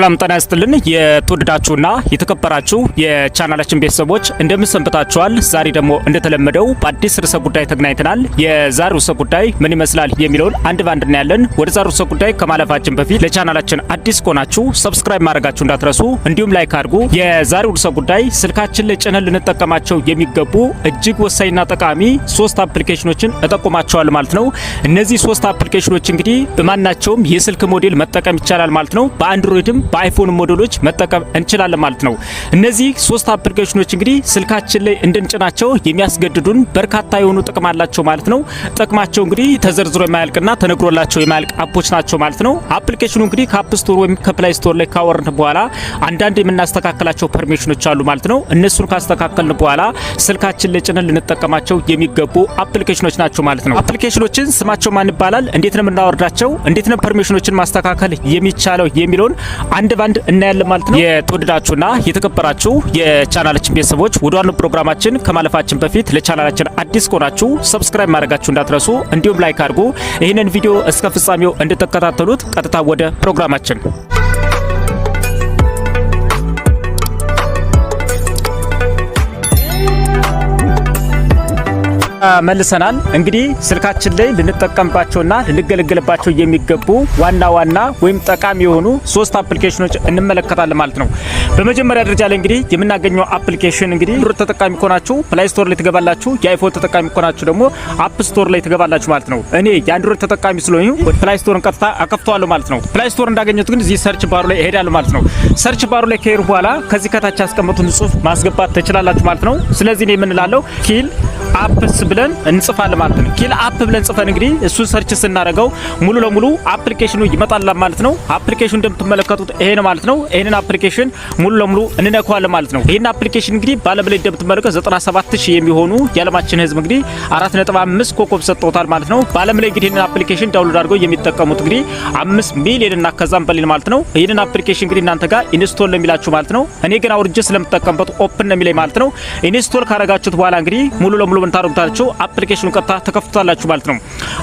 ሰላም ጤና ይስጥልን። የተወደዳችሁና የተከበራችሁ የቻናላችን ቤተሰቦች እንደምንሰንብታችኋል። ዛሬ ደግሞ እንደተለመደው በአዲስ ርዕሰ ጉዳይ ተገናኝተናል። የዛሬው ርዕሰ ጉዳይ ምን ይመስላል የሚለውን አንድ ባንድ እናያለን። ወደ ዛሬው ርዕሰ ጉዳይ ከማለፋችን በፊት ለቻናላችን አዲስ ከሆናችሁ ሰብስክራይብ ማድረጋችሁ እንዳትረሱ፣ እንዲሁም ላይክ አድርጉ። የዛሬው ርዕሰ ጉዳይ ስልካችን ላይ ጭነን ልንጠቀማቸው የሚገቡ እጅግ ወሳኝና ጠቃሚ ሶስት አፕሊኬሽኖችን እጠቁማቸዋል ማለት ነው። እነዚህ ሶስት አፕሊኬሽኖች እንግዲህ በማናቸውም የስልክ ሞዴል መጠቀም ይቻላል ማለት ነው በአንድሮይድም በአይፎን ሞዴሎች መጠቀም እንችላለን ማለት ነው። እነዚህ ሶስት አፕሊኬሽኖች እንግዲህ ስልካችን ላይ እንድንጭናቸው የሚያስገድዱን በርካታ የሆኑ ጥቅም አላቸው ማለት ነው። ጥቅማቸው እንግዲህ ተዘርዝሮ የማያልቅና ተነግሮላቸው የማያልቅ አፖች ናቸው ማለት ነው። አፕሊኬሽኑ እንግዲህ ከአፕ ስቶር ወይም ከፕላይ ስቶር ላይ ካወርን በኋላ አንዳንድ የምናስተካከላቸው ፐርሚሽኖች አሉ ማለት ነው። እነሱን ካስተካከልን በኋላ ስልካችን ላይ ጭነን ልንጠቀማቸው የሚገቡ አፕሊኬሽኖች ናቸው ማለት ነው። አፕሊኬሽኖችን ስማቸው ማን ይባላል፣ እንዴት ነው የምናወርዳቸው፣ እንዴት ነው ፐርሚሽኖችን ማስተካከል የሚቻለው የሚለውን አንድ ባንድ እናያለን ማለት ነው። የተወደዳችሁና የተከበራችሁ የቻናላችን ቤተሰቦች ወደ ዋናው ፕሮግራማችን ከማለፋችን በፊት ለቻናላችን አዲስ ከሆናችሁ ሰብስክራይብ ማድረጋችሁ እንዳትረሱ፣ እንዲሁም ላይክ አድርጉ። ይህንን ቪዲዮ እስከ ፍጻሜው እንድትከታተሉት ቀጥታ ወደ ፕሮግራማችን መልሰናል። እንግዲህ ስልካችን ላይ ልንጠቀምባቸውና ልንገለገልባቸው የሚገቡ ዋና ዋና ወይም ጠቃሚ የሆኑ ሶስት አፕሊኬሽኖች እንመለከታለን ማለት ነው። በመጀመሪያ ደረጃ ላይ እንግዲህ የምናገኘው አፕሊኬሽን እንግዲህ ሮድ ተጠቃሚ ከሆናችሁ ፕላይ ስቶር ላይ ትገባላችሁ፣ የአይፎን ተጠቃሚ ከሆናችሁ ደግሞ አፕ ስቶር ላይ ትገባላችሁ ማለት ነው። እኔ የአንድሮይድ ተጠቃሚ ስለሆኑ ወደ ፕላይ ስቶርን ቀጥታ አከፍተዋለሁ ማለት ነው። ፕላይ ስቶር ግን እዚህ ሰርች ባሩ ላይ እሄዳለሁ ማለት ነው። ሰርች ባሩ ላይ ከሄድኩ በኋላ ከዚህ ከታች ያስቀመጡን ጽሁፍ ማስገባት ትችላላችሁ ማለት ነው። ስለዚህ እኔ የምንላለው ኪል አፕስ ብለን እንጽፋለን ማለት ነው። ኪል አፕ ብለን ጽፈን እንግዲህ እሱ ሰርች ስናደርገው ሙሉ ለሙሉ አፕሊኬሽኑ ይመጣል ማለት ነው። አፕሊኬሽኑ እንደምትመለከቱት ይሄ ነው ማለት ነው። ይሄንን አፕሊኬሽን ሙሉ ለሙሉ እንነካዋለን ማለት ነው። ይሄን አፕሊኬሽን እንግዲህ ባለም ላይ እንደምትመለከቱ 97000 የሚሆኑ የዓለማችን ህዝብ እንግዲህ 4.5 ኮከብ ሰጥቶታል ማለት ነው። ባለም ላይ እንግዲህ ይሄንን አፕሊኬሽን ዳውንሎድ አድርገው የሚጠቀሙት እንግዲህ 5 ሚሊዮን እና ከዛም በላይ ማለት ነው። ይሄንን አፕሊኬሽን እንግዲህ እናንተ ጋር ኢንስቶል ለሚላችሁ ማለት ነው። እኔ ግን አውርጄ ስለምጠቀምበት ኦፕን ነው የሚለኝ ማለት ነው። ኢንስቶል ካረጋችሁት በኋላ እንግዲህ ሙሉ ለሙሉ ምን ታደርጉታላችሁ ስትጫኑታችሁ አፕሊኬሽኑ ቀጥታ ተከፍቷላችሁ ማለት ነው።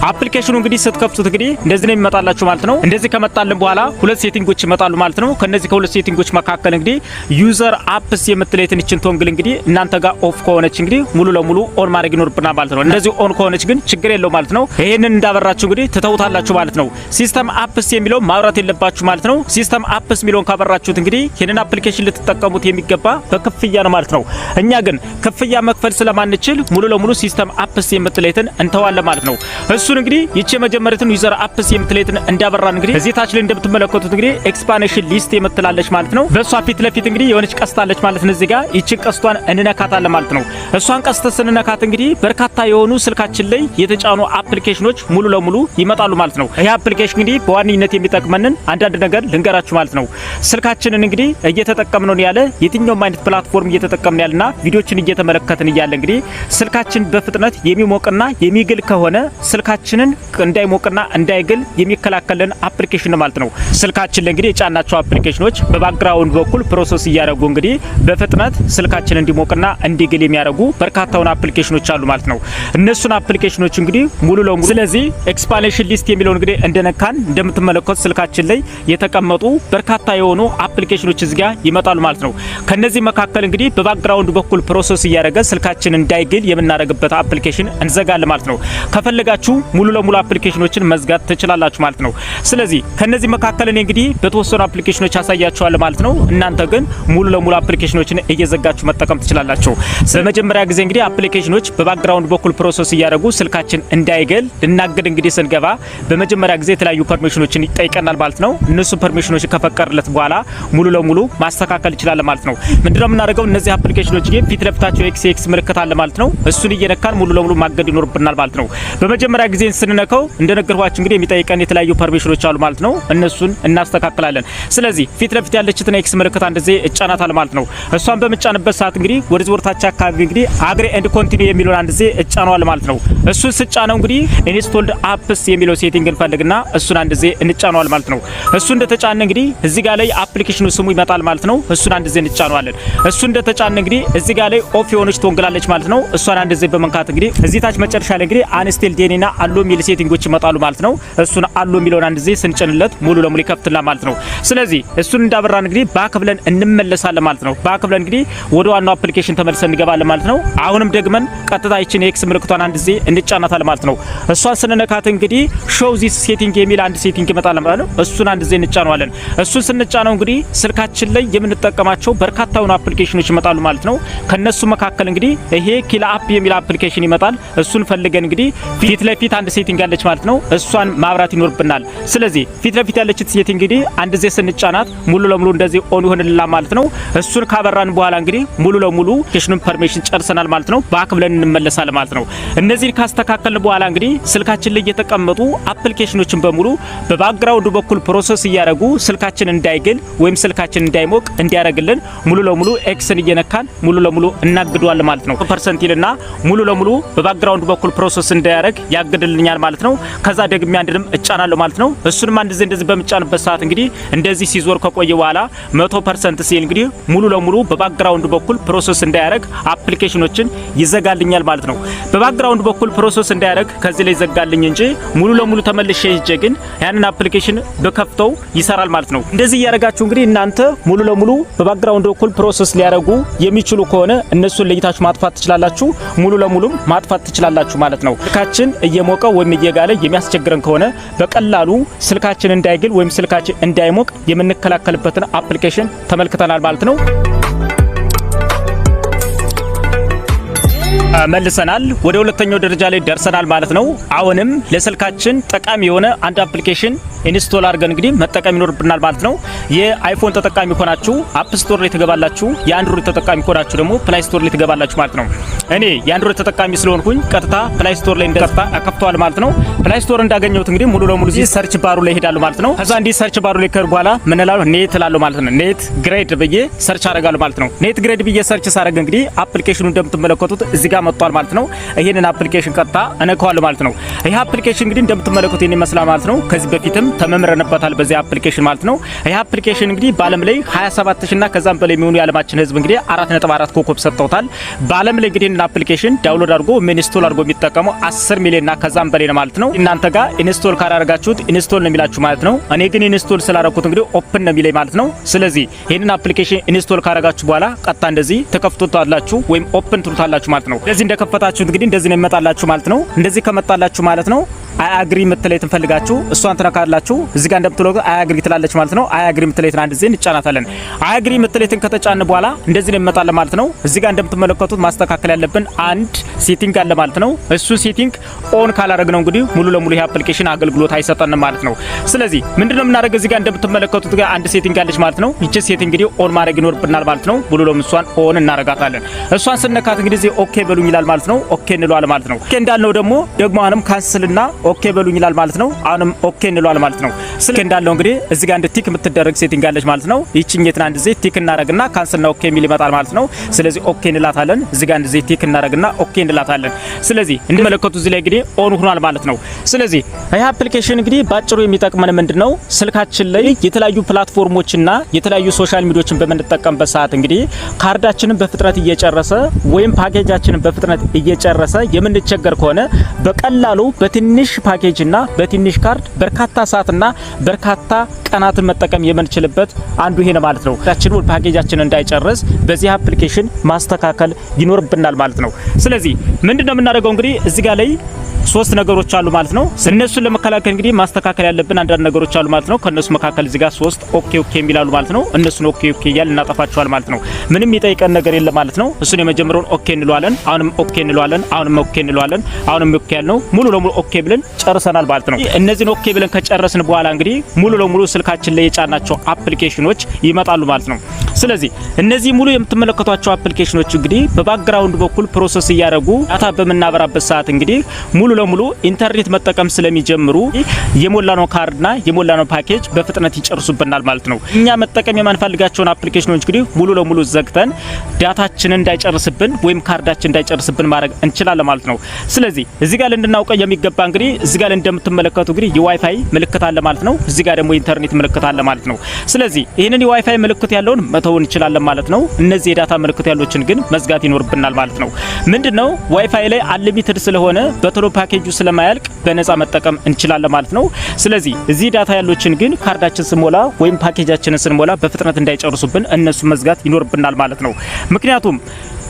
አፕሊኬሽኑ እንግዲህ ስትከፍቱት እንግዲህ እንደዚህ ነው የሚመጣላችሁ ማለት ነው። እንደዚህ ከመጣልን በኋላ ሁለት ሴቲንጎች ይመጣሉ ማለት ነው። ከነዚህ ከሁለት ሴቲንጎች መካከል እንግዲህ ዩዘር አፕስ የምትለይትን እችን ቶንግል እንግዲህ እናንተ ጋር ኦፍ ከሆነች እንግዲህ ሙሉ ለሙሉ ኦን ማድረግ ይኖርብናል ማለት ነው። እንደዚህ ኦን ከሆነች ግን ችግር የለው ማለት ነው። ይሄንን እንዳበራችሁ እንግዲህ ትተውታላችሁ ማለት ነው። ሲስተም አፕስ የሚለው ማብራት የለባችሁ ማለት ነው። ሲስተም አፕስ የሚለውን ካበራችሁት እንግዲህ ይህንን አፕሊኬሽን ልትጠቀሙት የሚገባ በክፍያ ነው ማለት ነው። እኛ ግን ክፍያ መክፈል ስለማንችል ሙሉ ለሙሉ ሲስተም ሲስተም አፕስ የምትለይትን እንተዋለን ማለት ነው። እሱን እንግዲህ ይቺ የመጀመሪያትን ዩዘር አፕስ የምትለይትን እንዳበራን እንግዲህ እዚህ ታች ላይ እንደምትመለከቱት እንግዲህ ኤክስፓንሽን ሊስት የምትላለች ማለት ነው። በእሷ ፊት ለፊት እንግዲህ የሆነች ቀስታለች ማለት ነው። እዚህ ጋር ይቺን ቀስቷን እንነካታለን ማለት ነው። እሷን ቀስት ስንነካት እንግዲህ በርካታ የሆኑ ስልካችን ላይ የተጫኑ አፕሊኬሽኖች ሙሉ ለሙሉ ይመጣሉ ማለት ነው። ይህ አፕሊኬሽን እንግዲህ በዋነኝነት የሚጠቅመንን አንዳንድ ነገር ልንገራችሁ ማለት ነው። ስልካችንን እንግዲህ እየተጠቀምነው ያለ የትኛውም አይነት ፕላትፎርም እየተጠቀምን ያለና ቪዲዮችን እየተመለከትን እያለ እንግዲህ ስልካችን በፍጥነት በፍጥነት የሚሞቅና የሚግል ከሆነ ስልካችንን እንዳይሞቅና እንዳይግል የሚከላከልን አፕሊኬሽን ማለት ነው። ስልካችን ላይ እንግዲህ የጫናቸው አፕሊኬሽኖች በባክግራውንድ በኩል ፕሮሰስ እያደረጉ እንግዲህ በፍጥነት ስልካችን እንዲሞቅና እንዲግል የሚያደርጉ በርካታውን አፕሊኬሽኖች አሉ ማለት ነው። እነሱን አፕሊኬሽኖች እንግዲህ ሙሉ ለሙሉ ስለዚህ ኤክስፓንሽን ሊስት የሚለው እንግዲህ እንደነካን እንደምትመለከቱ ስልካችን ላይ የተቀመጡ በርካታ የሆኑ አፕሊኬሽኖች እዚጋ ይመጣሉ ማለት ነው። ከነዚህ መካከል እንግዲህ በባክግራውንድ በኩል ፕሮሰስ እያደረገ ስልካችን እንዳይግል የምናደርግበት አፕሊኬሽን እንዘጋለን ማለት ነው። ከፈለጋችሁ ሙሉ ለሙሉ አፕሊኬሽኖችን መዝጋት ትችላላችሁ ማለት ነው። ስለዚህ ከነዚህ መካከል እኔ እንግዲህ በተወሰኑ አፕሊኬሽኖች አሳያችኋለሁ ማለት ነው። እናንተ ግን ሙሉ ለሙሉ አፕሊኬሽኖችን እየዘጋችሁ መጠቀም ትችላላችሁ። በመጀመሪያ ጊዜ እንግዲህ አፕሊኬሽኖች በባክግራውንድ በኩል ፕሮሰስ እያደረጉ ስልካችን እንዳይገል ልናገድ እንግዲህ ስንገባ በመጀመሪያ ጊዜ የተለያዩ ፐርሚሽኖችን ይጠይቀናል ማለት ነው። እነሱ ፐርሚሽኖች ከፈቀድለት በኋላ ሙሉ ለሙሉ ማስተካከል ይችላል ማለት ነው። ምንድነው የምናደርገው? እነዚህ አፕሊኬሽኖች ፊት ለፊታቸው ኤክስ ኤክስ ምልክት አለ ማለት ነው። እሱን እየነካ አካል ሙሉ ለሙሉ ማገድ ይኖርብናል ማለት ነው። በመጀመሪያ ጊዜ ስንነካው እንደነገርኳችሁ እንግዲህ የሚጠይቀን የተለያዩ ፐርሚሽኖች አሉ ማለት ነው። እነሱን እናስተካክላለን። ስለዚህ ፊት ለፊት ያለችትን ኤክስ ምልክት እንደዚህ እጫናታል ማለት ነው። እሷን በምጫንበት ሰዓት እንግዲህ ወደዚህ ወርታች አካባቢ እንግዲህ አግሪ ኤንድ ኮንቲኒው የሚለውን አንደዚ እጫነዋል ማለት ነው። እሱን ስጫነው እንግዲህ ኢንስቶልድ አፕስ የሚለው ሴቲንግ እንፈልግና እሱን አንደዚ እንጫነዋል ማለት ነው። እሱ እንደተጫነ እንግዲህ እዚህ ጋር ላይ አፕሊኬሽኑ ስሙ ይመጣል ማለት ነው። እሱን አንደዚ እንጫነዋለን። እሱ እንደተጫነ እንግዲህ እዚህ ጋር ላይ ኦፍ የሆነች ትወንግላለች ማለት ነው። እሷን አንደዚ በመንካ በመንካት እንግዲህ እዚህ ታች መጨረሻ ላይ እንግዲህ አንስቴል ዴኒና አሎ ሚል ሴቲንጎች ይመጣሉ ማለት ነው። እሱን አሎ ሚለውን አንድ ጊዜ ስንጭንለት ሙሉ ለሙሉ ይከፍትላ ማለት ነው። ስለዚህ እሱን እንዳበራን እንግዲህ ባክ ብለን እንመለሳለን ማለት ነው። ባክ ብለን እንግዲህ ወደ ዋናው አፕሊኬሽን ተመልሰን እንገባለን ማለት ነው። አሁንም ደግመን ቀጥታ ይችን ኤክስ ምልክቷን አንድ ጊዜ እንጫናታለን ማለት ነው። እሷን ስንነካት እንግዲህ ሾው ዚስ ሴቲንግ የሚል አንድ ሴቲንግ ይመጣል ማለት ነው። እሱን አንድ ጊዜ እንጫነዋለን። እሱን ስንጫነው እንግዲህ ስልካችን ላይ የምንጠቀማቸው በርካታ የሆኑ አፕሊኬሽኖች ይመጣሉ ማለት ነው። ከነሱ መካከል እንግዲህ ይሄ ኪላ አፕ የሚል አፕሊኬሽን ኖቲፊኬሽን ይመጣል። እሱን ፈልገን እንግዲህ ፊት ለፊት አንድ ሴቲንግ ያለች ማለት ነው፣ እሷን ማብራት ይኖርብናል። ስለዚህ ፊት ለፊት ያለች ሴቲንግ እንግዲህ አንድ ዜ ስንጫናት ሙሉ ለሙሉ እንደዚህ ኦን ይሆንልናል ማለት ነው። እሱን ካበራን በኋላ እንግዲህ ሙሉ ለሙሉ ኬሽኑን ፐርሚሽን ጨርሰናል ማለት ነው። ባክ ብለን እንመለሳለን ማለት ነው። እነዚህን ካስተካከልን በኋላ እንግዲህ ስልካችን ላይ የተቀመጡ አፕሊኬሽኖችን በሙሉ በባክግራውንዱ በኩል ፕሮሰስ እያደረጉ ስልካችን እንዳይግል ወይም ስልካችን እንዳይሞቅ እንዲያደርግልን ሙሉ ለሙሉ ኤክስን እየነካን ሙሉ ለሙሉ እናግደዋለን ማለት ነው። ፐርሰንቲልና ሙሉ በሙሉ በባክግራውንድ በኩል ፕሮሰስ እንዳያደርግ ያግድልኛል ማለት ነው። ከዛ ደግሜ አንድንም እጫናለሁ ማለት ነው። እሱንም አንድ ጊዜ እንደዚህ በምጫንበት ሰዓት እንግዲህ እንደዚህ ሲዞር ከቆየ በኋላ ፐርሰንት ሲል እንግዲህ ሙሉ ለሙሉ በባክግራውንድ በኩል ፕሮሰስ እንዳያደርግ አፕሊኬሽኖችን ይዘጋልኛል ማለት ነው። በባክግራውንድ በኩል ፕሮሰስ እንዳያደርግ ከዚህ ላይ ይዘጋልኝ እንጂ ሙሉ ለሙሉ ተመልሼ ሄጄ ግን ያንን አፕሊኬሽን በከፍተው ይሰራል ማለት ነው። እንደዚህ እያደረጋችሁ እንግዲህ እናንተ ሙሉ ለሙሉ በባክግራውንድ በኩል ፕሮሰስ ሊያደርጉ የሚችሉ ከሆነ እነሱን ለይታችሁ ማጥፋት ትችላላችሁ ሙሉ ለሙሉ በቀላሉም ማጥፋት ትችላላችሁ ማለት ነው። ስልካችን እየሞቀ ወይም እየጋለ የሚያስቸግረን ከሆነ በቀላሉ ስልካችን እንዳይግል ወይም ስልካችን እንዳይሞቅ የምንከላከልበትን አፕሊኬሽን ተመልክተናል ማለት ነው። መልሰናል። ወደ ሁለተኛው ደረጃ ላይ ደርሰናል ማለት ነው። አሁንም ለስልካችን ጠቃሚ የሆነ አንድ አፕሊኬሽን ኢንስቶል አድርገን እንግዲህ መጠቀም ይኖርብናል ማለት ነው። የአይፎን ተጠቃሚ ሆናችሁ አፕ ስቶር ላይ ትገባላችሁ። የአንድሮይድ ተጠቃሚ ሆናችሁ ደግሞ ፕላይ ስቶር ላይ ትገባላችሁ ማለት ነው። እኔ የአንድሮይድ ተጠቃሚ ስለሆንኩኝ ቀጥታ ፕላይ ስቶር ላይ እንደቀጥታ ከፍተዋል ማለት ነው። ፕላይ ስቶር እንዳገኘሁት እንግዲህ ሙሉ ለሙሉ እዚህ ሰርች ባሩ ላይ ሄዳለሁ ማለት ነው። ከዛ እንዲህ ሰርች ባሩ ላይ ከር በኋላ ምን እላለሁ ኔት እላለሁ ማለት ነው። ኔት ግሬድ ብዬ ሰርች አደርጋለሁ ማለት ነው። ኔት ግሬድ ብዬ ሰርች ሳደርግ እንግዲህ አፕሊኬሽኑ እንደምትመለከቱት እዚህ ጋር መጥቷል ማለት ነው። ይህንን አፕሊኬሽን ቀጥታ እነካዋለሁ ማለት ነው። ይህ አፕሊኬሽን እንግዲህ እንደምትመለከቱ ይህን ይመስላል ማለት ነው። ከዚህ በፊትም ተመምረንበታል በዚህ አፕሊኬሽን ማለት ነው። ይህ አፕሊኬሽን እንግዲህ በዓለም ላይ 27000 እና ከዛም በላይ የሚሆኑ የዓለማችን ህዝብ እንግዲህ 4.4 ኮከብ ሰጥተውታል። በዓለም ላይ እንግዲህ ይህንን አፕሊኬሽን ዳውንሎድ አድርጎ ኢንስቶል አድርጎ የሚጠቀሙ 10 ሚሊዮን እና ከዛም በላይ ነው ማለት ነው። እናንተ ጋር ኢንስቶል ካላደርጋችሁት ኢንስቶል ነው የሚላችሁ ማለት ነው። እኔ ግን ኢንስቶል ስላደረኩት እንግዲህ ኦፕን ነው የሚለኝ ማለት ነው። ስለዚህ ይህንን አፕሊኬሽን ኢንስቶል ካደረጋችሁ በኋላ ቀጥታ እንደዚህ ተከፍቶታላችሁ ወይም ኦፕን ትሉታላችሁ ማለት ነው። እንደዚህ እንደከፈታችሁ እንግዲህ እንደዚህ ነው ይመጣላችሁ ማለት ነው። እንደዚህ ከመጣላችሁ ማለት ነው አያግሪ የምትለይ ትንፈልጋችሁ እሷን ትነካላችሁ። እዚህ ጋር እንደምትለው አያግሪ ትላለች ማለት ነው። አያግሪ የምትለይትን አንድ ጊዜ እንጫናታለን። አያግሪ የምትለይትን ከተጫን በኋላ እንደዚህ ነው የሚመጣለን ማለት ነው። እዚህ ጋር እንደምትመለከቱት ማስተካከል ያለብን አንድ ሴቲንግ አለ ማለት ነው። እሱ ሴቲንግ ኦን ካላረግ ነው እንግዲህ ሙሉ ለሙሉ ይሄ አፕሊኬሽን አገልግሎት አይሰጠንም ማለት ነው። ስለዚህ ምንድነው የምናደርገው? እዚህ ጋር እንደምትመለከቱት ጋር አንድ ሴቲንግ አለች ማለት ነው። ይቺ ሴቲንግ እንግዲህ ኦን ማድረግ ይኖርብናል ማለት ነው። ሙሉ ለሙሉ እሷን ኦን እናረጋታለን። እሷን ስነካት እንግዲህ ኦኬ በሉኝ ይላል ማለት ነው። ኦኬ እንለዋል ማለት ነው። ኦኬ እንዳልነው ደግሞ ደግሞ አሁንም ካንስልና ኦኬ በሉኝ ይላል ማለት ነው። አሁንም ኦኬ እንለዋል ማለት ነው። ስልክ እንዳለው እንግዲህ እዚህ ጋር እንደ ቲክ የምትደረግ ሴቲንግ አለች ማለት ነው። ይቺኛትን አንድ ጊዜ ቲክ እናረግና ካንስልና ኦኬ የሚል ይመጣል ማለት ነው። ስለዚህ ኦኬ እንላታለን። እዚህ ጋር አንድ ጊዜ ቲክ እናረግና ኦኬ እንላታለን። ስለዚህ እንደመለከቱ እዚህ ላይ እንግዲህ ኦን ሆኗል ማለት ነው። ስለዚህ ይህ አፕሊኬሽን እንግዲህ ባጭሩ የሚጠቅመን ምንድነው ስልካችን ላይ የተለያዩ ፕላትፎርሞችና የተለያዩ ሶሻል ሚዲያዎችን በምንጠቀምበት ሰዓት እንግዲህ ካርዳችንን በፍጥነት እየጨረሰ ወይም ፓኬጃችንን በፍጥነት እየጨረሰ የምንቸገር ከሆነ በቀላሉ በትንሽ ፓኬጅ እና በትንሽ ካርድ በርካታ ሰዓትና በርካታ ቀናትን መጠቀም የምንችልበት አንዱ ይሄ ነው ማለት ነው። ታችን ውል ፓኬጃችን እንዳይጨርስ በዚህ አፕሊኬሽን ማስተካከል ይኖርብናል ማለት ነው። ስለዚህ ምንድነው የምናደርገው እንግዲህ እዚህ ጋር ላይ ሶስት ነገሮች አሉ ማለት ነው። እነሱን ለመከላከል እንግዲህ ማስተካከል ያለብን አንዳንድ ነገሮች አሉ ማለት ነው። ከነሱ መካከል እዚህ ጋር ሶስት ኦኬ ኦኬ የሚላሉ ማለት ነው። እነሱን ኦኬ ኦኬ እያል እናጠፋቸዋል ማለት ነው። ምንም የሚጠይቀን ነገር የለም ማለት ነው። እሱን የመጀመሪያውን ኦኬ እንለዋለን፣ አሁንም ኦኬ እንለዋለን፣ አሁንም ኦኬ እንለዋለን፣ አሁንም ኦኬ ያልነው ሙሉ ለሙሉ ኦኬ ብለን ጨርሰናል ማለት ነው። እነዚህን ኦኬ ብለን ከጨረስን በኋላ እንግዲህ ሙሉ ለሙሉ ስልካችን ላይ የጫናቸው አፕሊኬሽኖች ይመጣሉ ማለት ነው። ስለዚህ እነዚህ ሙሉ የምትመለከቷቸው አፕሊኬሽኖች እንግዲህ በባክግራውንድ በኩል ፕሮሰስ እያደረጉ ዳታ በምናበራበት ሰዓት እንግዲህ ሙሉ ለሙሉ ኢንተርኔት መጠቀም ስለሚጀምሩ የሞላነው ካርድና የሞላነው ፓኬጅ በፍጥነት ይጨርሱብናል ማለት ነው። እኛ መጠቀም የማንፈልጋቸውን አፕሊኬሽኖች እንግዲህ ሙሉ ለሙሉ ዘግተን ዳታችን እንዳይጨርስብን ወይም ካርዳችን እንዳይጨርስብን ማድረግ እንችላለን ማለት ነው። ስለዚህ እዚህ ጋር ልንድናውቀ የሚገባ እንግዲህ እዚህ ጋር እንደምትመለከቱ እንግዲህ የዋይፋይ ምልክት አለ ማለት ነው። እዚህ ጋር ደግሞ የኢንተርኔት ምልክት አለ ማለት ነው። ስለዚህ ይህንን የዋይፋይ ምልክት ያለውን መተው እንችላለን ማለት ነው። እነዚህ የዳታ ምልክት ያሎችን ግን መዝጋት ይኖርብናል ማለት ነው። ምንድነው ዋይፋይ ላይ አንሊሚትድ ስለሆነ በቶሎ ፓኬጁ ስለማያልቅ በነፃ መጠቀም እንችላለን ማለት ነው። ስለዚህ እዚህ ዳታ ያሎችን ግን ካርዳችን ስንሞላ ወይም ፓኬጃችንን ስንሞላ በፍጥነት እንዳይጨርሱብን እነሱ መዝጋት ይኖርብናል ማለት ነው። ምክንያቱም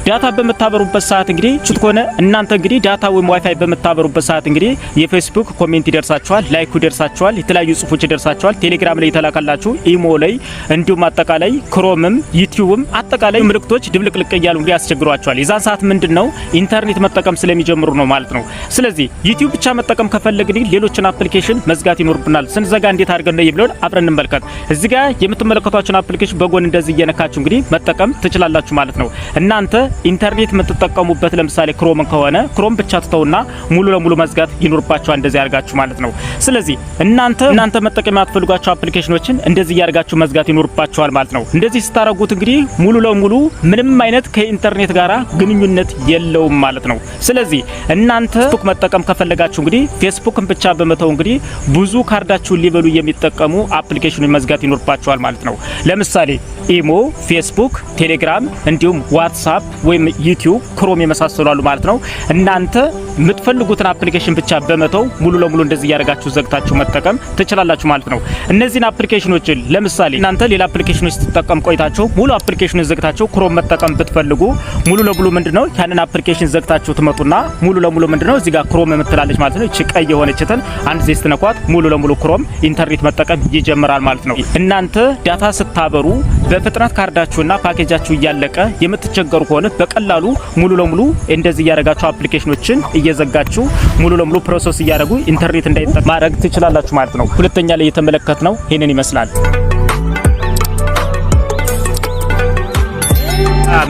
ዳታ በምታበሩበት ሰዓት እንግዲህ ቹት ሆነ እናንተ እንግዲህ ዳታ ወይም ዋይፋይ በምታበሩበት ሰዓት እንግዲህ የፌስቡክ ኮሜንት ይደርሳችኋል፣ ላይኩ ይደርሳችኋል፣ የተለያዩ ጽሁፎች ይደርሳችኋል። ቴሌግራም ላይ የተላካላችሁ ኢሞ ላይ እንዲሁም አጠቃላይ ክሮምም ዩቲዩብም አጠቃላይ ምልክቶች ድብልቅልቅ እያሉ እንግዲህ ያስቸግሯቸዋል። የዛን ሰዓት ምንድን ነው ኢንተርኔት መጠቀም ስለሚጀምሩ ነው ማለት ነው። ስለዚህ ዩቲዩብ ብቻ መጠቀም ከፈለግን ሌሎችን አፕሊኬሽን መዝጋት ይኖርብናል። ስንዘጋ እንዴት አድርገን ነው የሚለውን አብረን እንመልከት። እዚህ ጋር የምትመለከቷቸውን አፕሊኬሽን በጎን እንደዚህ እየነካችሁ እንግዲህ መጠቀም ትችላላችሁ ማለት ነው እናንተ ኢንተርኔት የምትጠቀሙበት ለምሳሌ ክሮምን ከሆነ ክሮም ብቻ ትተውና ሙሉ ለሙሉ መዝጋት ይኖርባቸዋል እንደዚህ ያርጋችሁ ማለት ነው። ስለዚህ እናንተ እናንተ መጠቀም ያትፈልጓቸው አፕሊኬሽኖችን እንደዚህ ያርጋችሁ መዝጋት ይኖርባቸዋል ማለት ነው። እንደዚህ ስታረጉት እንግዲህ ሙሉ ለሙሉ ምንም አይነት ከኢንተርኔት ጋራ ግንኙነት የለውም ማለት ነው። ስለዚህ እናንተ ፌስቡክ መጠቀም ከፈለጋችሁ እንግዲህ ፌስቡክን ብቻ በመተው እንግዲህ ብዙ ካርዳችሁን ሊበሉ የሚጠቀሙ አፕሊኬሽኖች መዝጋት ይኖርባቸዋል ማለት ነው። ለምሳሌ ኢሞ፣ ፌስቡክ፣ ቴሌግራም እንዲሁም ዋትሳፕ ወይም ዩቲዩብ ክሮም የመሳሰሉ አሉ ማለት ነው እናንተ የምትፈልጉትን አፕሊኬሽን ብቻ በመተው ሙሉ ለሙሉ እንደዚህ እያደረጋችሁ ዘግታችሁ መጠቀም ትችላላችሁ ማለት ነው። እነዚህን አፕሊኬሽኖችን ለምሳሌ እናንተ ሌላ አፕሊኬሽኖች ስትጠቀም ቆይታችሁ ሙሉ አፕሊኬሽኑን ዘግታችሁ ክሮም መጠቀም ብትፈልጉ ሙሉ ለሙሉ ምንድነው ያንን አፕሊኬሽን ዘግታችሁ ትመጡና ሙሉ ለሙሉ ምንድነው እዚህ ጋር ክሮም የምትላለች ማለት ነው። እቺ ቀይ የሆነችትን አንድ ጊዜ ስትነኳት ሙሉ ለሙሉ ክሮም ኢንተርኔት መጠቀም ይጀምራል ማለት ነው። እናንተ ዳታ ስታበሩ በፍጥነት ካርዳችሁና ፓኬጃችሁ እያለቀ የምትቸገሩ ከሆነ በቀላሉ ሙሉ ለሙሉ እንደዚህ እያደረጋችሁ አፕሊኬሽኖችን እየዘጋችሁ ሙሉ ለሙሉ ፕሮሰስ እያደረጉ ኢንተርኔት እንዳይጠቅ ማድረግ ትችላላችሁ ማለት ነው። ሁለተኛ ላይ የተመለከት ነው ይህንን ይመስላል።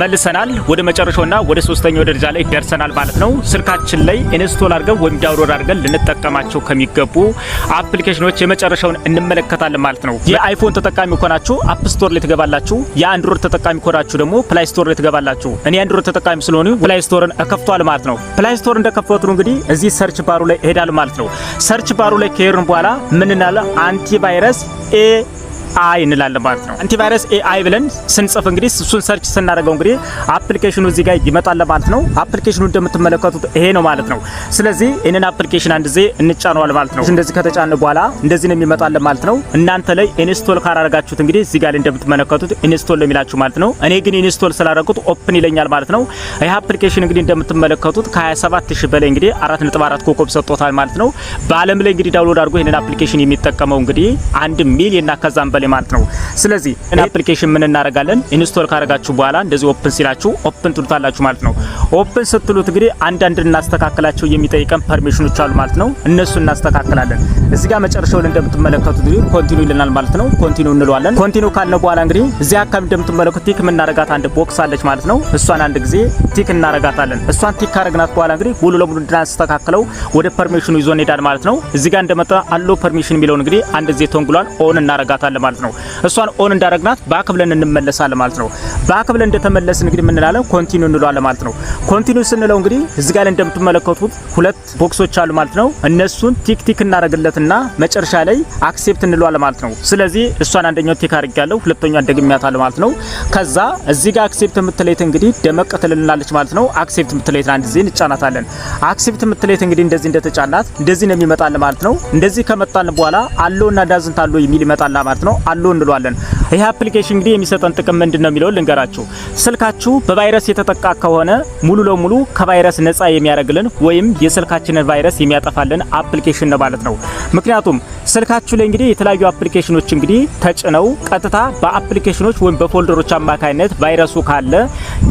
መልሰናል። ወደ መጨረሻውና ወደ ሶስተኛው ደረጃ ላይ ደርሰናል ማለት ነው። ስልካችን ላይ ኢንስቶል አድርገን ወይም ዳውንሎድ አድርገን ልንጠቀማቸው ከሚገቡ አፕሊኬሽኖች የመጨረሻውን እንመለከታለን ማለት ነው። የአይፎን ተጠቃሚ ከሆናችሁ አፕ ስቶር ላይ ትገባላችሁ። የአንድሮድ ተጠቃሚ ከሆናችሁ ደግሞ ፕላይ ስቶር ላይ ትገባላችሁ። እኔ የአንድሮድ ተጠቃሚ ስለሆኑ ፕላይ ስቶርን እከፍቷል ማለት ነው። ፕላይ ስቶር እንደከፈቱ እንግዲህ እዚህ ሰርች ባሩ ላይ ሄዳል ማለት ነው። ሰርች ባሩ ላይ ከሄድን በኋላ ምንናለ አንቲቫይረስ ኤ አይ እንላለን ማለት ነው። አንቲቫይረስ ኤአይ ብለን ስንጽፍ እንግዲህ እሱን ሰርች ስናደርገው እንግዲህ አፕሊኬሽኑ እዚህ ጋር ይመጣል ማለት ነው። አፕሊኬሽኑ እንደምትመለከቱት ይሄ ነው ማለት ነው። ስለዚህ ይህንን አፕሊኬሽን አንድ ጊዜ እንጫነዋል ማለት ነው። እንደዚህ ከተጫነ በኋላ እንደዚህ ነው የሚመጣል ማለት ነው። እናንተ ላይ ኢንስቶል ካላረጋችሁት እንግዲህ እዚህ ጋር እንደምትመለከቱት ኢንስቶል ነው የሚላችሁ ማለት ነው። እኔ ግን ኢንስቶል ስላደረኩት ኦፕን ይለኛል ማለት ነው። ይህ አፕሊኬሽን እንግዲህ እንደምትመለከቱት ከ27000 በላይ እንግዲህ 4.4 ኮከብ ሰጥቶታል ማለት ነው። በአለም ላይ እንግዲህ ዳውንሎድ አድርጎ ይህንን አፕሊኬሽን የሚጠቀመው እንግዲህ አንድ ሚሊዮን እና ከዛም በላይ ማለት ነው። ስለዚህ እና አፕሊኬሽን ምን እናደርጋለን? ኢንስቶል ካረጋችሁ በኋላ እንደዚህ ኦፕን ሲላችሁ ኦፕን ትሉታላችሁ ማለት ነው። ኦፕን ስትሉት እንግዲህ አንዳንድ እናስተካክላቸው የሚጠይቀን ፐርሚሽኖች አሉ ማለት ነው። እነሱ እናስተካክላለን። እዚህ ጋር መጨረሻው ላይ እንደምትመለከቱት እንግዲህ ኮንቲኒው ይለናል ማለት ነው። ኮንቲኒው እንለዋለን። ኮንቲኒው ካልነው በኋላ እንግዲህ እዚህ አካባቢ እንደምትመለከቱት ቲክ የምናረጋት አንድ ቦክስ አለች ማለት ነው። እሷን አንድ ጊዜ ቲክ እናረጋታለን። እሷን ቲክ ካረግናት በኋላ እንግዲህ ሙሉ ለሙሉ እንድናስተካክለው ወደ ፐርሚሽኑ ይዞ እንሄዳል ማለት ነው። እዚህ ጋር እንደመጣ አሎ ፐርሚሽን የሚለውን እንግዲህ አንድ ጊዜ ተንጉሏን ኦን እናረጋታለን። ማለት ነው። እሷን ኦን እንዳረግናት ባክ ብለን እንመለሳለን ማለት ነው። ባክ ብለን እንደተመለስን እንግዲህ ምን እንላለን? ኮንቲኒው እንለዋለን ማለት ነው። ኮንቲኒው ስንለው እንግዲህ እዚህ ጋር እንደምትመለከቱት ሁለት ቦክሶች አሉ ማለት ነው። እነሱን ቲክ ቲክ እናደርግለትና መጨረሻ ላይ አክሴፕት እንለዋለን ማለት ነው። ስለዚህ እሷን አንደኛው ቲክ አድርጌያለሁ፣ ሁለተኛዋን ደግሜያታለሁ ማለት ነው። ከዛ እዚህ ጋር አክሴፕት የምትለይት እንግዲህ ደመቅ ትልልናለች ማለት ነው። አክሴፕት የምትለይት አንድ ዜን እንጫናታለን። አክሴፕት የምትለይት እንግዲህ እንደዚህ እንደተጫናት እንደዚህ ነው የሚመጣል ማለት ነው። እንደዚህ ከመጣን በኋላ አሎና ዳዝንት አሎ የሚል ይመጣል ማለት ነው። አሉ እንሏለን። ይህ አፕሊኬሽን እንግዲህ የሚሰጠን ጥቅም ምንድን ነው የሚለው ልንገራችሁ። ስልካችሁ በቫይረስ የተጠቃ ከሆነ ሙሉ ለሙሉ ከቫይረስ ነፃ የሚያደርግልን ወይም የስልካችንን ቫይረስ የሚያጠፋልን አፕሊኬሽን ነው ማለት ነው። ምክንያቱም ስልካችሁ ላይ እንግዲህ የተለያዩ አፕሊኬሽኖች እንግዲህ ተጭነው ቀጥታ በአፕሊኬሽኖች ወይም በፎልደሮች አማካኝነት ቫይረሱ ካለ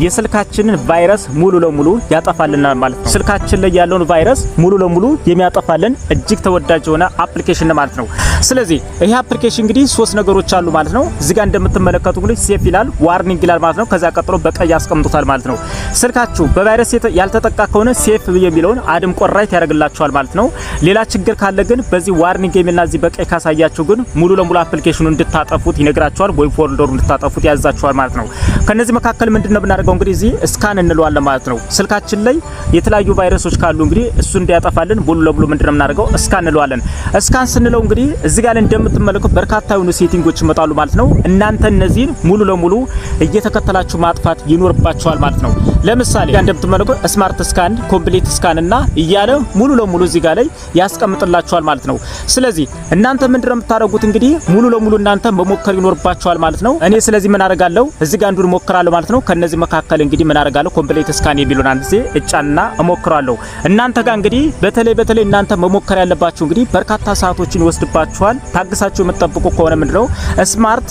የስልካችንን ቫይረስ ሙሉ ለሙሉ ያጠፋልናል ማለት ነው። ስልካችን ላይ ያለውን ቫይረስ ሙሉ ለሙሉ የሚያጠፋልን እጅግ ተወዳጅ የሆነ አፕሊኬሽን ማለት ነው። ስለዚህ ይሄ አፕሊኬሽን እንግዲህ ሶስት ነገሮች አሉ ማለት ነው። እዚህ ጋር እንደምትመለከቱ እንግዲህ ሴፍ ይላል፣ ዋርኒንግ ይላል ማለት ነው። ከዛ ቀጥሎ በቀይ ያስቀምጡታል ማለት ነው። ስልካችሁ በቫይረስ ያልተጠቃ ከሆነ ሴፍ የሚለውን አድም ቆራይት ያደርግላችኋል ማለት ነው። ሌላ ችግር ካለ ግን በዚህ ዋርኒንግ የሚልና እዚህ በቀይ ካሳያችሁ ግን ሙሉ ለሙሉ አፕሊኬሽኑን እንድታጠፉት ይነግራችኋል፣ ወይም ፎልደሩ እንድታጠፉት ያዛችኋል ማለት ነው። ከነዚህ መካከል ምንድነው የምናደርገው እንግዲህ እዚህ ስካን እንለዋለን ማለት ነው። ስልካችን ላይ የተለያዩ ቫይረሶች ካሉ እንግዲህ እሱ እንዲያጠፋልን ሙሉ ለሙሉ ምንድነው የምናደርገው ስካን እንለዋለን። ስካን ስንለው እንግዲህ እዚህ ጋር እንደምትመለከቱ በርካታ የሆኑ ሴቲንጎች ይመጣሉ ማለት ነው። እናንተ እነዚህን ሙሉ ለሙሉ እየተከተላችሁ ማጥፋት ይኖርባችኋል ማለት ነው። ለምሳሌ ጋር እንደምትመለከቱ ስማርት ስካን፣ ኮምፕሊት ስካን እና እያለ ሙሉ ለሙሉ እዚህ ጋር ላይ ያስቀምጥላችኋል ማለት ነው። ስለዚህ እናንተ ምንድነው የምታደርጉት? እንግዲህ ሙሉ ለሙሉ እናንተ መሞከር ይኖርባቸዋል ማለት ነው። እኔ ስለዚህ ምን አደርጋለሁ? እዚህ ጋር አንዱን ሞክራለሁ ማለት ነው። ከነዚህ መካከል እንግዲህ ምን አደርጋለሁ? ኮምፕሌት ስካን የሚሉን አንድ ጊዜ እጫና እሞክራለሁ። እናንተ ጋር እንግዲህ በተለይ በተለይ እናንተ መሞከር ያለባችሁ እንግዲህ በርካታ ሰዓቶችን ይወስድባችኋል። ታግሳችሁ የምትጠብቁ ከሆነ ነው ስማርት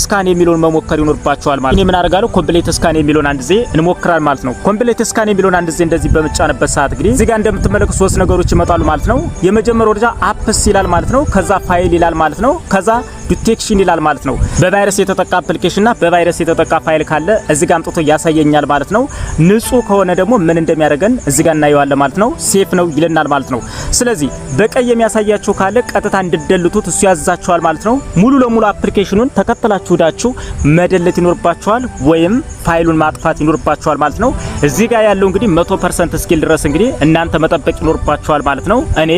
ስካን የሚሉን መሞከር ይኖርባችኋል ማለት ነው። እኔ ምን አደርጋለሁ? ኮምፕሌት ስካን የሚሉን አንድ ጊዜ እንሞክራል ማለት ነው። ኮምፕሌት ስካን የሚሉን አንድ ጊዜ እንደዚህ በመጫንበት ሰዓት እንግዲህ እዚህ ጋር እንደምትመለከቱ ሶስት ነገሮች ይመጣሉ ማለት ነው። የመጀመሪያው ደረጃ አፕስ ይላል ማለት ነው። ከዛ ፋይል ይላል ማለት ነው። ከዛ ዲቴክሽን ይላል ማለት ነው። በቫይረስ የተጠቃ አፕሊኬሽንና በቫይረስ የተጠቃ ፋይል ካለ እዚህ ጋር አምጥቶ ያሳየኛል ማለት ነው። ንጹህ ከሆነ ደግሞ ምን እንደሚያደርገን እዚህ ጋር እናየዋለን ማለት ነው። ሴፍ ነው ይለናል ማለት ነው። ስለዚህ በቀይ የሚያሳያችሁ ካለ ቀጥታ እንድደልቱት እሱ ያዛችኋል ማለት ነው። ሙሉ ለሙሉ አፕሊኬሽኑን ተከትላችሁ ዳችሁ መደለት ይኖርባችኋል ወይም ፋይሉን ማጥፋት ይኖርባቸዋል ማለት ነው። እዚህ ጋር ያለው እንግዲህ 100% ስኪል ድረስ እንግዲህ እናንተ መጠበቅ ይኖርባቸዋል ማለት ነው። እኔ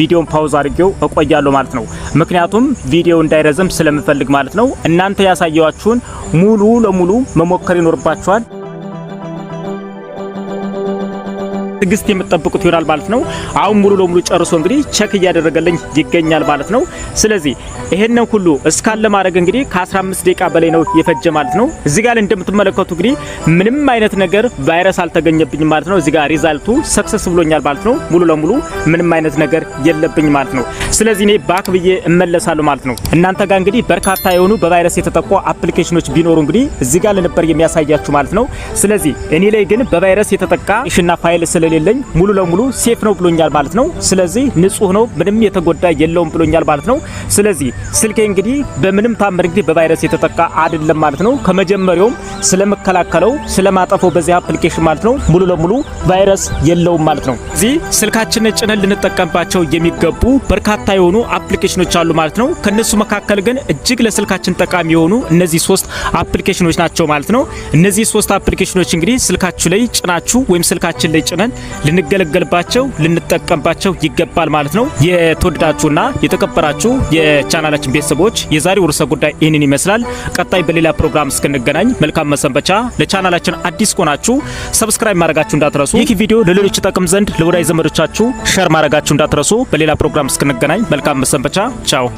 ቪዲዮን ፓውዝ አድርጌው እቆያለሁ ማለት ነው። ምክንያቱም ቪዲዮ እንዳይረዘም ስለምፈልግ ማለት ነው። እናንተ ያሳየዋችሁን ሙሉ ለሙሉ መሞከር ይኖርባቸዋል። በትዕግስት የምትጠብቁት ይሆናል ማለት ነው። አሁን ሙሉ ለሙሉ ጨርሶ እንግዲህ ቼክ እያደረገልኝ ይገኛል ማለት ነው። ስለዚህ ይሄንን ሁሉ እስካለ ማድረግ እንግዲህ ከ15 ደቂቃ በላይ ነው የፈጀ ማለት ነው። እዚህ ጋር እንደምትመለከቱ እንግዲህ ምንም አይነት ነገር ቫይረስ አልተገኘብኝም ማለት ነው። እዚህ ጋር ሪዛልቱ ሰክሰስ ብሎኛል ማለት ነው። ሙሉ ለሙሉ ምንም አይነት ነገር የለብኝ ማለት ነው። ስለዚህ እኔ ባክ ብዬ እመለሳለሁ ማለት ነው። እናንተ ጋር እንግዲህ በርካታ የሆኑ በቫይረስ የተጠቁ አፕሊኬሽኖች ቢኖሩ እንግዲህ እዚህ ጋር ለነበር የሚያሳያችሁ ማለት ነው። ስለዚህ እኔ ላይ ግን በቫይረስ የተጠቃ ሽና ፋይል ስለ ስለሌለኝ ሙሉ ለሙሉ ሴፍ ነው ብሎኛል ማለት ነው። ስለዚህ ንጹህ ነው፣ ምንም የተጎዳ የለውም ብሎኛል ማለት ነው። ስለዚህ ስልኬ እንግዲህ በምንም ታምር እንግዲህ በቫይረስ የተጠቃ አይደለም ማለት ነው። ከመጀመሪያውም ስለመከላከለው ስለማጠፈው በዚህ አፕሊኬሽን ማለት ነው ሙሉ ለሙሉ ቫይረስ የለውም ማለት ነው። እዚህ ስልካችንን ጭነን ልንጠቀምባቸው የሚገቡ በርካታ የሆኑ አፕሊኬሽኖች አሉ ማለት ነው። ከነሱ መካከል ግን እጅግ ለስልካችን ጠቃሚ የሆኑ እነዚህ ሶስት አፕሊኬሽኖች ናቸው ማለት ነው። እነዚህ ሶስት አፕሊኬሽኖች እንግዲህ ስልካችሁ ላይ ጭናችሁ ወይም ስልካችን ላይ ጭነን ልንገለገልባቸው ልንጠቀምባቸው ይገባል ማለት ነው። የተወደዳችሁና የተከበራችሁ የቻናላችን ቤተሰቦች የዛሬው ርዕሰ ጉዳይ ይህንን ይመስላል። ቀጣይ በሌላ ፕሮግራም እስክንገናኝ መልካም መሰንበቻ። ለቻናላችን አዲስ ከሆናችሁ ሰብስክራይብ ማድረጋችሁ እንዳትረሱ። ይህ ቪዲዮ ለሌሎች ጠቅም ዘንድ ለወዳጅ ዘመዶቻችሁ ሸር ማድረጋችሁ እንዳትረሱ። በሌላ ፕሮግራም እስክንገናኝ መልካም መሰንበቻ። ቻው